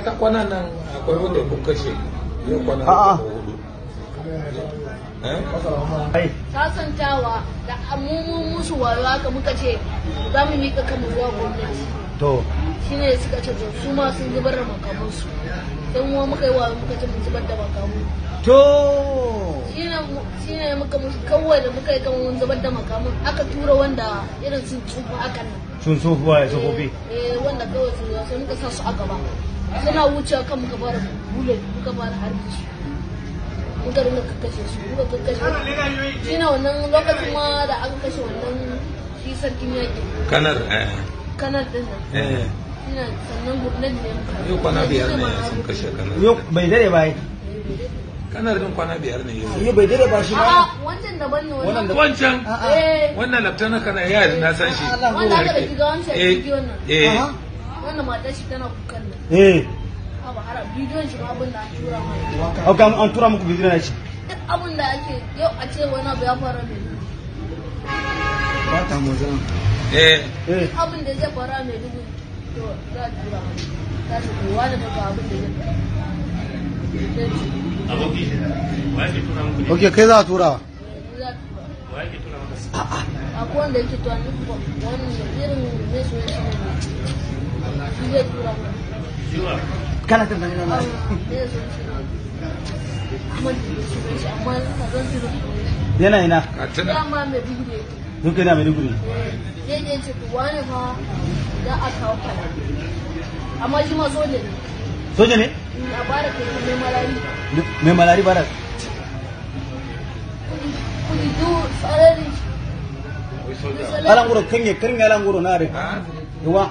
ta kwana nan akwai wanda kun kashe yau kwana a'a eh? sasantawa da amumun musu warwa ka muka ce za mu miƙa kama zuwa gwamnati to shi ne suka ce su ma sun zubar da makamansu don wa muka yi wa muka ce mun zubar da makamu to shi ne muka musu kawai da muka yi kan mun zubar da makamun aka tura wanda irin sun tsufa akan nan sun tsufa ya tsofofi eh, eh wanda kawai sun zo sai muka sa su a gaba suna wucewa kan muka fara muka fara harbi muka rinka kakkashe muka kakkashe shi na wannan lokacin ma da aka kashe wannan shi sarkin yaƙi kanar eh. kanar din nan eh. yau kwana biyar ne sun kashe kanar yau bai dare ba kanar din kwana biyar ne yau bai dare ba shi wancan wannan wancan eh. wannan kanar na san shi wannan da wancan wanda matar shi tana kukan nan eh ah, har bidiyon shi ma abin da an tura mai an tura muku bidiyon shi duk abin da ake yau a ce wani abu ya da ni mu zan eh eh abin da zai mai dubu to za a tura mai kowa da daga abin da zai ok kai za a tura akwai wanda yake tura. wani irin ya kana tambayi na mai yana ina duka yana mai duguri zai ne ce wani fa za a kawo kala amma shi ma soja ne soja ne? na bara kai mai malari mai malari bara kudi du sarari alanguro kenge kenge alanguro na are yawa